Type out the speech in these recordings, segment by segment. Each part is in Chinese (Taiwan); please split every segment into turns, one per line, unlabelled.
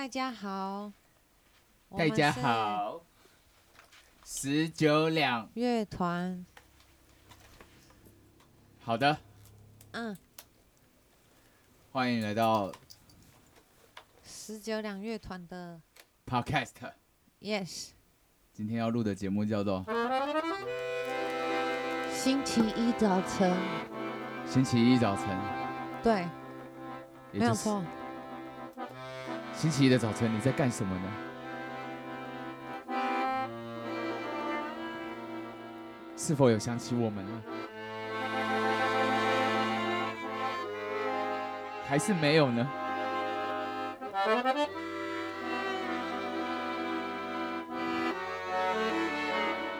大家好，大家好，
十九兩
樂團，
好的，
嗯，
歡迎來到
十九兩樂團的
Podcast，Yes，今天要錄的節目叫做
星期一早晨，
星期一早晨，早晨對，就是、沒有錯。星期一的早晨，你在幹什麼呢？是否有想起我們呢？還是沒有呢？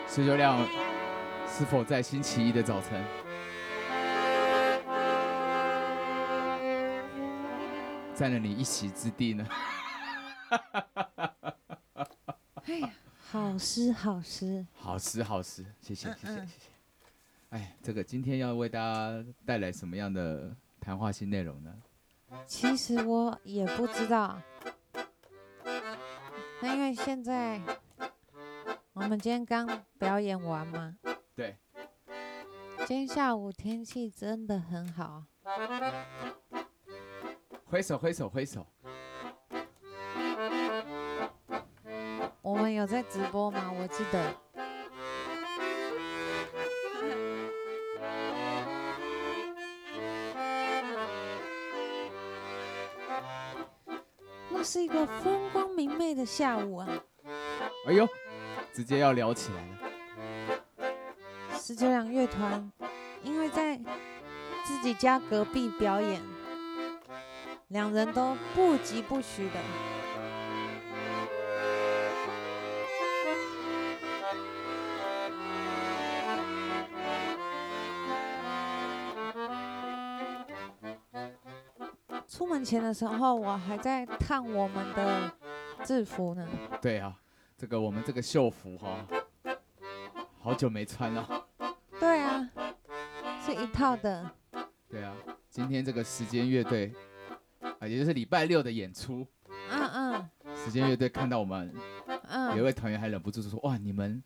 十九兩，是否在星期一的早晨佔了你一席之地呢？
哎呀，
好詩
好詩，好詩好詩，謝謝謝謝謝謝，謝謝。哎，這個今天要為大家帶來什麼樣的談話性內容呢？
其實我也不知道。那因為現在我們今天剛表演完嘛。對。今天下午天氣真的很好。
揮手揮手揮手。
我們有在直播嗎？我記得。那是一個風光明媚的下午啊。
哎呦，直接要聊起來了。
十九兩樂團，因為在自己家隔壁表演，兩人都不疾不徐的。前的時候，我還在看我們的制服呢。
對啊，這個我們這個秀服哈、啊，好久沒穿了。
對啊，是一套的。
對啊，今天這個時間樂隊啊，也就是禮拜六的演出。
嗯嗯。
時間樂隊看到我們，
嗯，有一位
團員還忍不住說：“嗯、哇，你們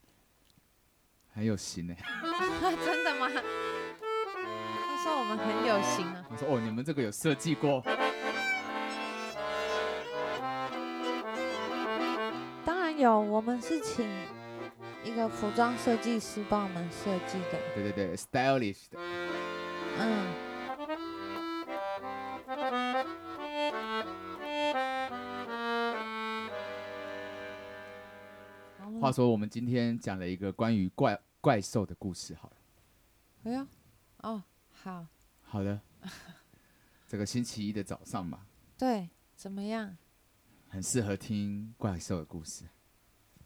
很有型呢。”
真的嗎？他說我們很有型
啊、哦。我說：“哦，你們這個有設計過。”
有，我們是請一個服裝設計師幫我們設計的。
對對對，stylish 的。
嗯。
話說，我們今天講了一個關於怪怪獸的故事好，
好，哎？哦，好。
好的。 這個星期一的早上吧。
對，怎麼樣？
很適合聽怪獸的故事。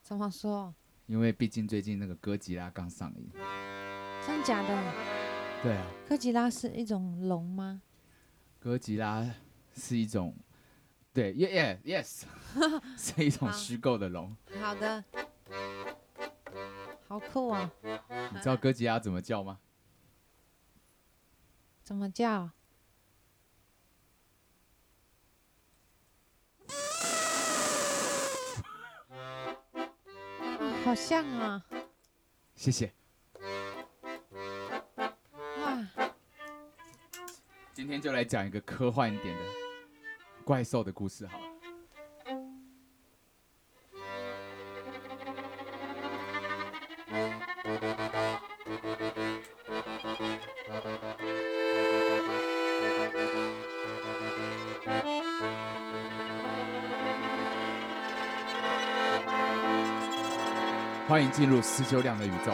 怎麼說，因為畢竟最近那個哥吉拉剛上映，
真的假的？
對
啊。哥吉拉是一種龍嗎？
哥吉拉是一種，對，ye ye、yeah, yeah,
yes， 是一種虛構的龍。好的。好酷啊！
你知道哥吉拉怎麼叫嗎？
怎麼叫？好像啊、哦，
謝謝。哇，今天就來講一個科幻一點的怪獸的故事，好了。歡迎進入十九兩的宇宙。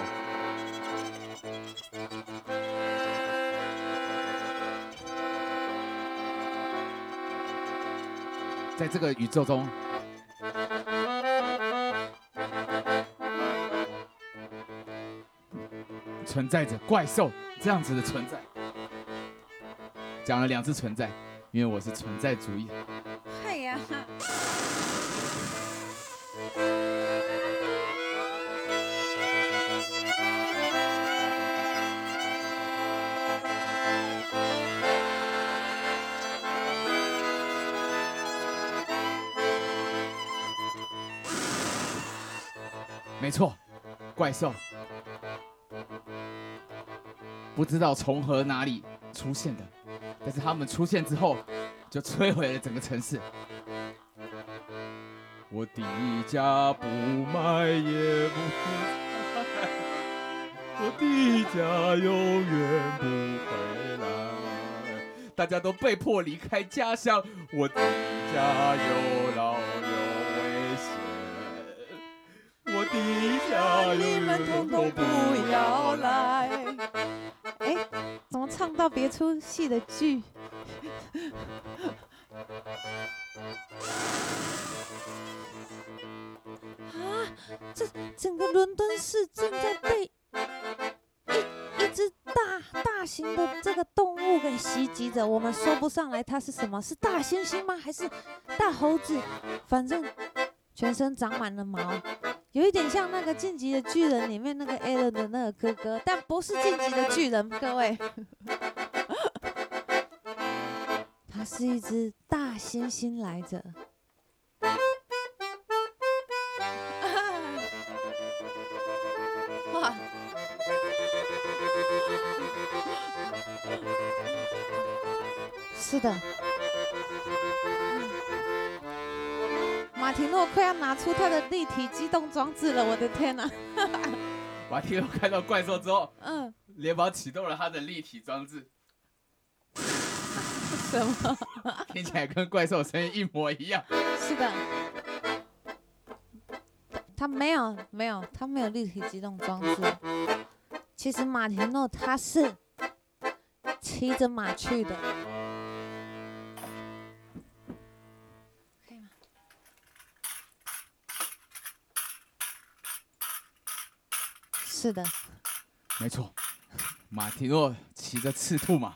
在這個宇宙中，存在着怪獸這樣子的存在。講了兩次存在，因為我是存在主義。
嗨呀！
錯，怪獸，不知
道從何哪裡出現的，但是他們出現之後，就摧毀了整個城市。我的家不賣也不賣，我的家永遠不回來，大家都被迫離開家鄉，我的家有老人。
你們統統不要來！
哎，怎麼唱到別出戲的劇？啊，這整個倫敦
市正在被一一只大大型的這個動物給襲擊着，我們說不上來它是什麼，是大猩猩嗎？還是大猴子？反正全身長滿了毛。有一點像那個《進擊的巨人》裡面那個艾倫的那個哥哥，但
不是《進擊的巨人》，各位，
他是一只大猩猩來着，
哇，是的。
馬提諾快要拿出他的立體機動裝置了，我的天哪，
啊！馬 提諾看到怪獸之後，嗯，連忙啟動了他的立體裝置。什麼？ 聽起來跟怪獸聲音一模一樣。
是的，他。他沒有，沒有，他沒有立體機動裝置。其實馬提諾他是騎着馬去的。哦是的，
沒錯，馬提諾騎着赤兔馬，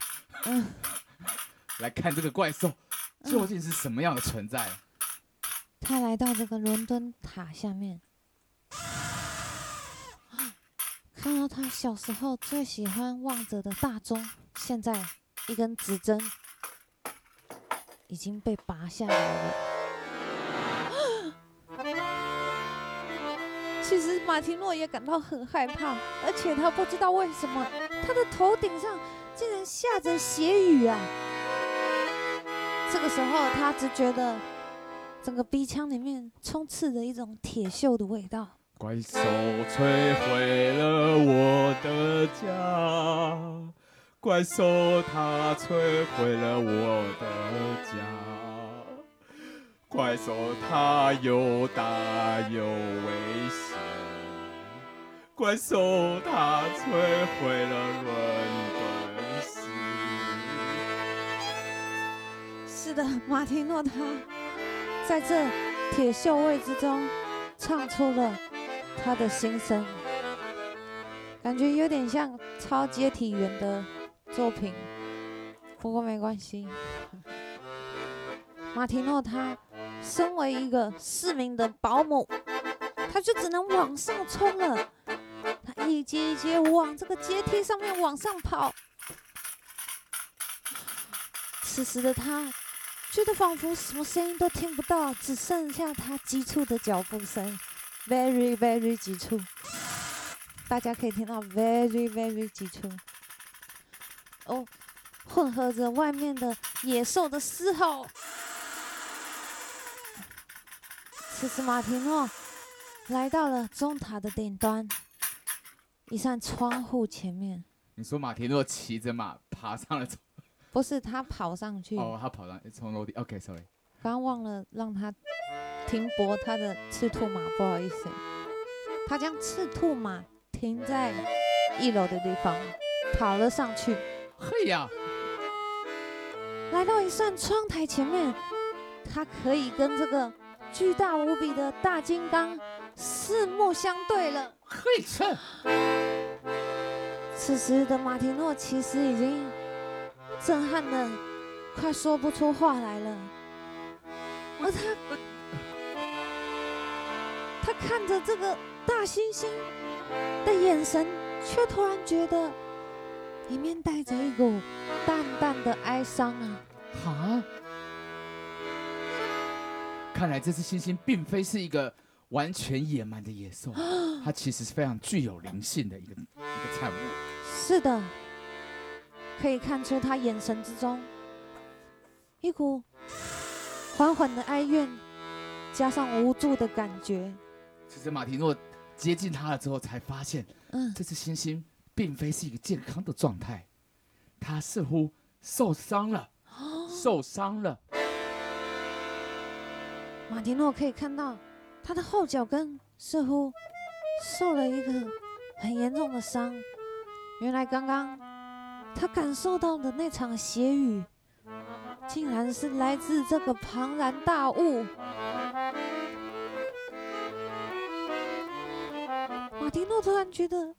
來看這個怪獸究竟是什麼樣的存在。
他來到這個倫敦塔下面，啊，看到他小時候最喜歡望着的大鐘，現在一根指針已經被拔下來了。其實馬提諾也感到很害怕，而且他不知道為什麼，他的頭頂上竟然下着血雨啊！這個時候，他只覺得整個鼻腔裡面充斥着一種鐵鏽的味道。
怪獸摧毀了我的家，怪獸它摧毀了我的家，怪獸它又大又危險。怪獸他摧毀了倫敦。
是的，馬提諾他在這鐵鏽味之中唱出了他的心聲，感覺有點像超階體員的作品。不過沒關係，馬提諾他身為一個市民的保姆，他就只能往上衝了。一階一階往這個階梯上面往上跑。此時的他覺得仿佛什麼聲音都聽不到，只剩下他急促的腳步聲，very very 急促。大家可以聽到 very very 急促。哦，混合着外面的野獸的嘶吼。此時，馬提諾來到了鐘塔的頂端。一扇窗戶前面，
你說馬天諾騎着馬爬上了窗，
不是他跑上去，哦，
他跑上去從樓梯，OK，sorry，剛
剛忘了讓他停泊他的赤兔馬，不好意思，他將赤兔馬停在一樓的地方，跑了上去，嘿呀，來到一扇窗台前面，他可以跟這個巨大無比的大金剛。四目相對了，嘿！此時的馬提諾其實已經震撼的快說不出話來了，而他，他看着這個大猩猩的眼神，卻突然覺得裡面帶着一股淡淡的哀傷啊！
啊！
看來這隻猩猩並非是一個。完全野蠻的野獸，它其實是非常具有靈性的一個一個產物。
是的，可以看出它眼神之中一股緩緩的哀怨，加上無助的感覺。
其實馬提諾接近它了之後，才發現，嗯，這只猩猩並非是一個健康的狀態，它似乎受傷了，受傷了。
馬提諾可以看到。他的後腳跟似乎受了一個很嚴重的傷，原來剛剛他感受到的那場血雨，竟然是來自這個龐然大物。
馬丁諾突然覺得，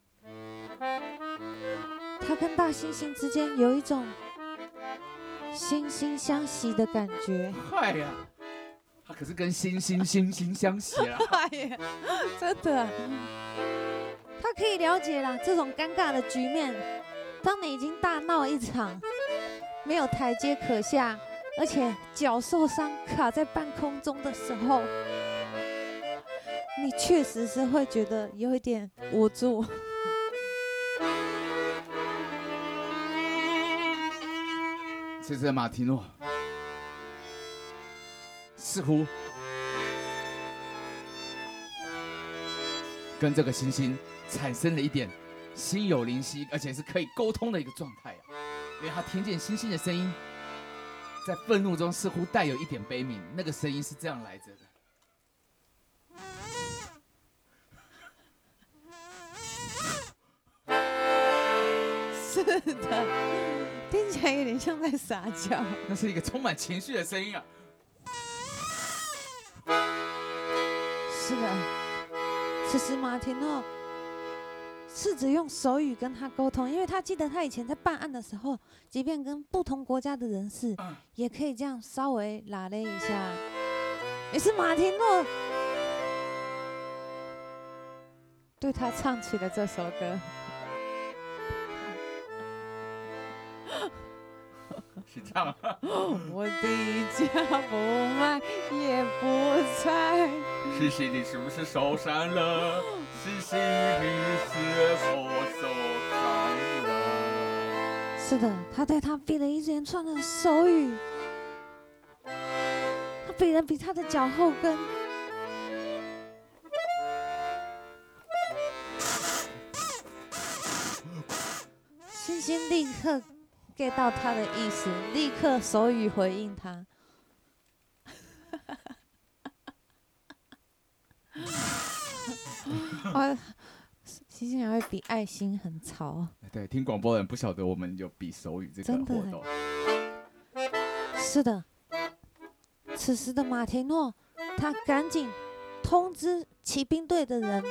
他跟大猩猩之間
有一種惺惺相惜的感覺。嗨呀！可
是跟星星惺惺相惜
啊，真的啊，
他
可以了解啦，這種尷尬的局面。當你已經大鬧一場，沒有台階可下，而且腳受傷卡在半空中的時候，你確實是會覺得有一點無
助。謝謝馬提諾。似乎跟這個星星產生了一點心有靈犀，而且是可以溝通的一個狀態啊！因為他聽見星星的聲音，在憤怒中似乎帶有一點悲憫，那個聲音是這樣來著的。是的，聽
起來有點像在撒嬌。
那是一個充滿情緒的聲音啊！
是的，其實馬天諾試着用手語跟他溝通，因為他記得他以前在辦案的時候，即便跟不同國家的人士，也可以這樣稍微拉了一下。也是馬天諾對他唱起了這首歌。
我的家
不賣也不拆。
星星，你是不是受傷了？星星，你是否受傷
了？是的，他對他比了一連串的手語，他比人比他的腳後跟。星星立刻。get 到他的意思，立刻手語回應他。哈哈，星星還會比愛心，很潮。
對，聽廣播的人不曉得我們有比手語這個活動。真的。
是的，此時的馬提諾，他趕緊通知騎兵隊的人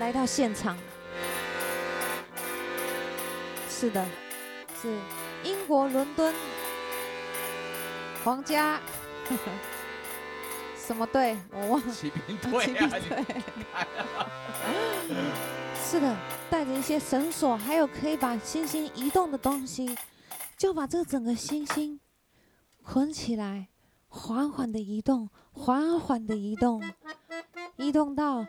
來到現場。是的。是英國倫敦皇家什麼隊？我忘
了、啊、騎兵隊、
是的，帶着一些繩索，還有可以把星星移動的東西，就把這整個星星捆起來，緩緩地移動，緩緩地移動，移,移動到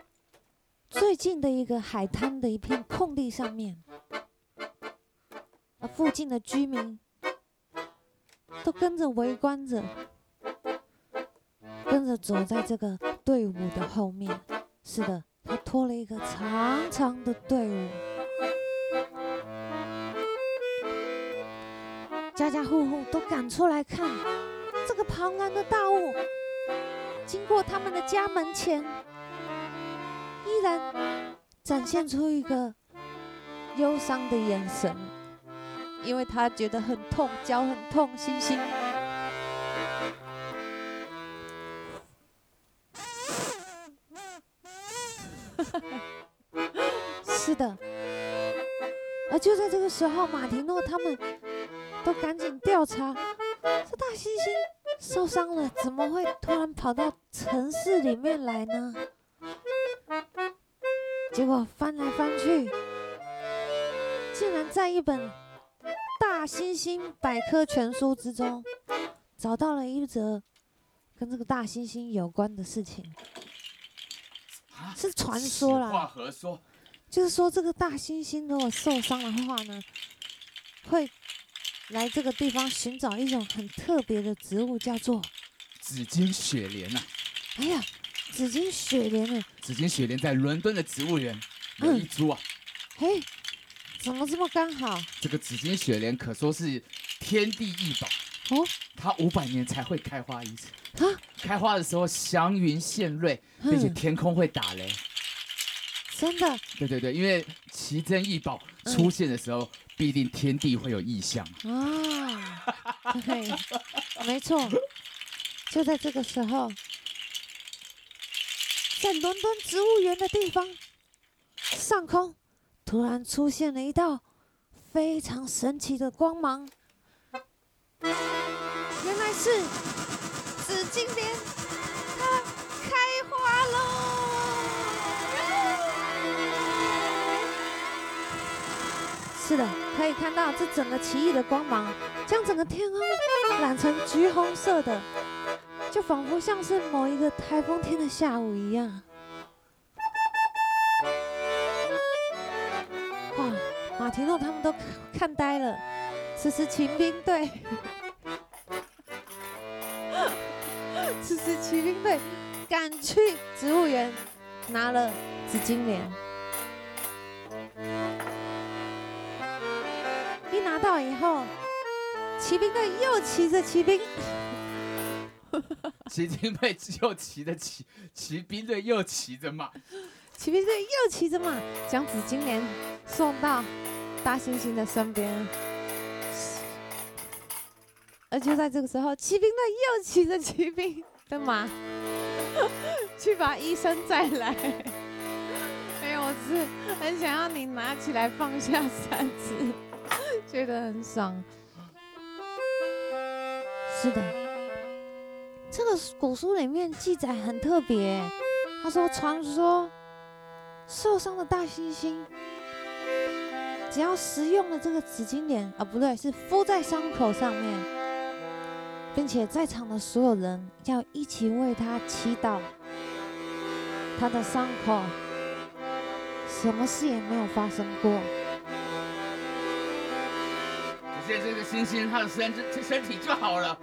最近的一個海灘的一片空地上面。附近的居民都跟着圍觀着，跟着走在這個隊伍的後面。是的，他拖了一個長長的隊伍，家家戶戶都趕出來看這個龐然的大物經過他們的家門前，依然展現出一個憂傷的眼神。因為他覺得很痛，腳很痛，猩猩。 是的，而就在這個時候，馬提諾他們都趕緊調查，這大猩猩受傷了，怎麼會突然跑到城市裡面來呢？結果翻來翻去，竟然在一本。大猩猩百科全書之中找到了一則跟這個大猩猩有關的事情，
是傳說啦。話
就是說這個大猩猩如果受傷的話呢，會來這個地方尋找一種很特別的植物，叫做
紫金雪蓮啊。
哎呀，紫金雪蓮呢？
紫金雪蓮在倫敦的植物園有一株啊。嘿。怎麼這麼剛好？這個紫金雪蓮可說是天地異寶哦，它五百年才會開花一次，啊、開花的時候祥雲獻瑞，嗯、並且天空會打雷。真的？對對對，因為奇珍異寶出現的時候，嗯、必定天地會有異象啊！
哈、
okay, 沒錯，就在這個時候，在倫敦植物園的地方上空。突然出現了一道非常神奇的光芒，原來是紫金蓮它開花嘍！是的，可以看到這整個奇異的光芒將整個天空染成橘紅色的，就仿佛像是某一個颱風天的下午一樣。馬提諾他們都看呆了。此時騎兵隊，
此時騎
兵隊趕去植物園拿了紫金蓮。一拿到以後，騎兵隊又騎着騎兵，
騎兵隊又騎着騎騎兵隊又騎着馬，
騎兵隊又騎着馬將紫金蓮送到。大猩猩的身邊，而且在這個時候，騎兵隊又騎着騎兵的馬，去把醫生帶來。哎有，我是很想要你拿起來放下三次，覺得很爽。是的，這個古書裡面記載很特別，他說傳說受傷的大猩猩。只要食用了這個紫金蓮啊，不對，是敷在傷口上面，並且在場的所有人要一起為他祈禱，他的傷口什麼事也沒有發生過，
只謝這個星星他的身身身體就好了。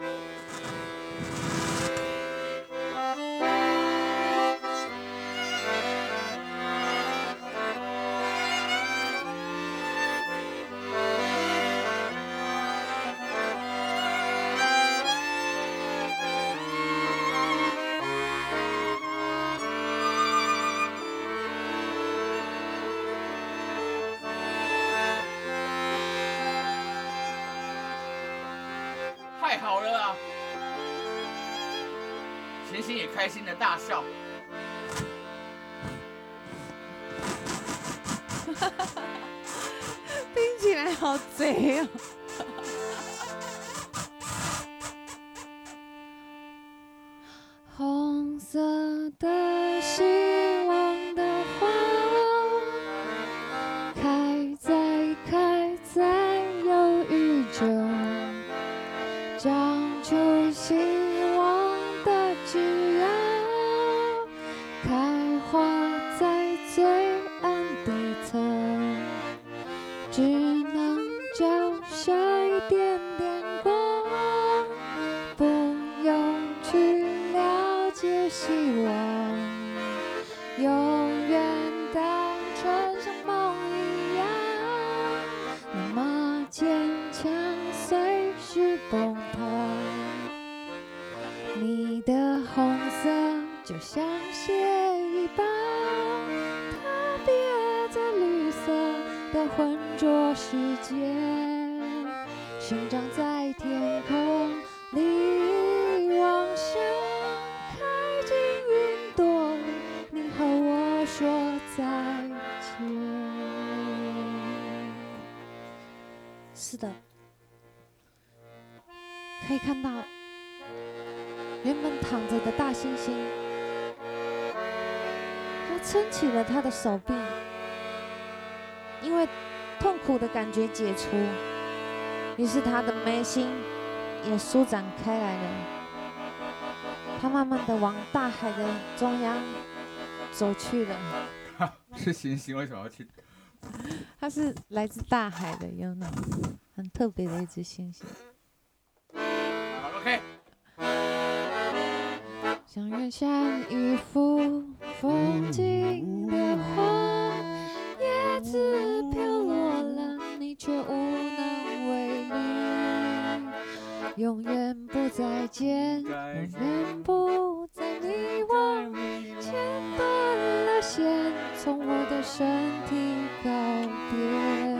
你的紅色就像血。
感覺解除，於是他的眉心也舒展開來了，他慢慢的往大海的中央走去了。
啊，是星星，為什麼要去？
他是來自大海的，有呢，很特別的一隻星
星。
好，OK。卻無能為力，永遠不再見，永遠不再迷惘，切斷了線，從我的身體
告別。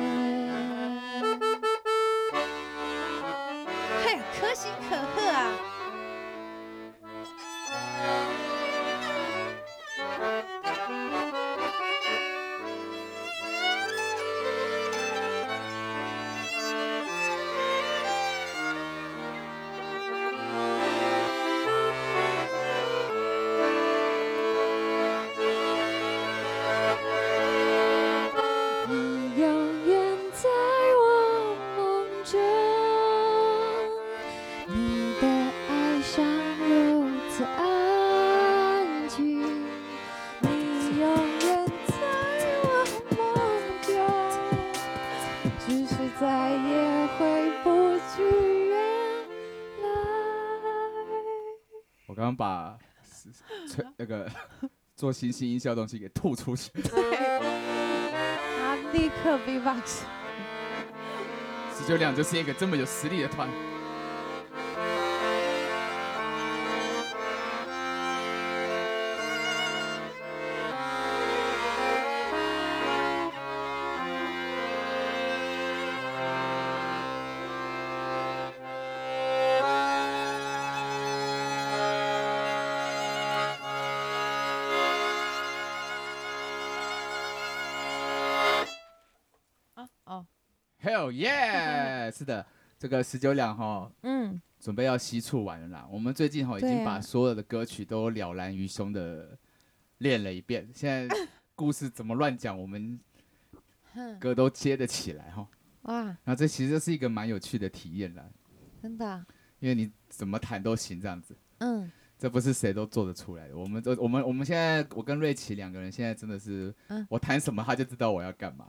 然後把那個做新新音效的東西給吐出去，
對，立、啊、刻 B box。
十九兩就是一個這麼有實力的團。是的，這個十九兩哈，嗯，準備要吸楚完了啦。我們最近哈已經把所有的歌曲都了然於胸的練了一遍。啊、現在故事怎麼亂講，我們歌都接得起來哈。哇！那、啊、這其實是一個蠻有趣的體驗啦。真的？因為你怎麼彈都行這樣子。嗯。這不是誰都做得出來的。我們我我們我們現在我跟瑞奇兩個人現在真的是，嗯、
我
彈什麼他就知道我要幹嘛。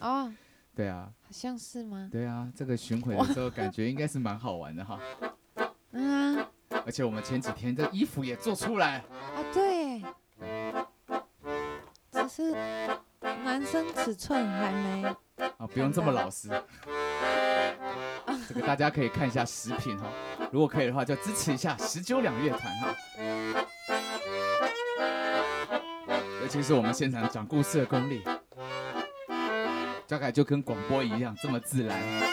哦。對啊，
好像是嗎？
對啊，這個巡迴的時候感覺應該是蠻好玩的哈。嗯啊哇。而且我們前幾天的衣服也做出來。
啊，對。只是男生尺寸還沒。
啊，不用這麼老實。這個大家可以看一下視頻哈，如果可以的話就支持一下十九兩樂團哈。尤其是我們現場講故事的功力。嘉凱就跟廣播一樣這麼自然。
啊，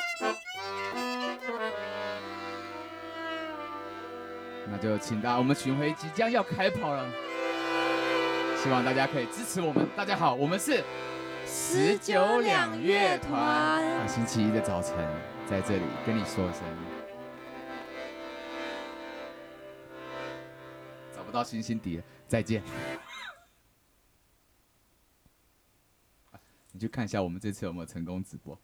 那就請大家，我們巡回即將要開跑了，希望大家可以支持我們。大家好，我們是十九兩樂團。星期一的早晨在這裡跟你說聲，找不到星星底了，再見。
就看一下我們這次有沒有成功直播。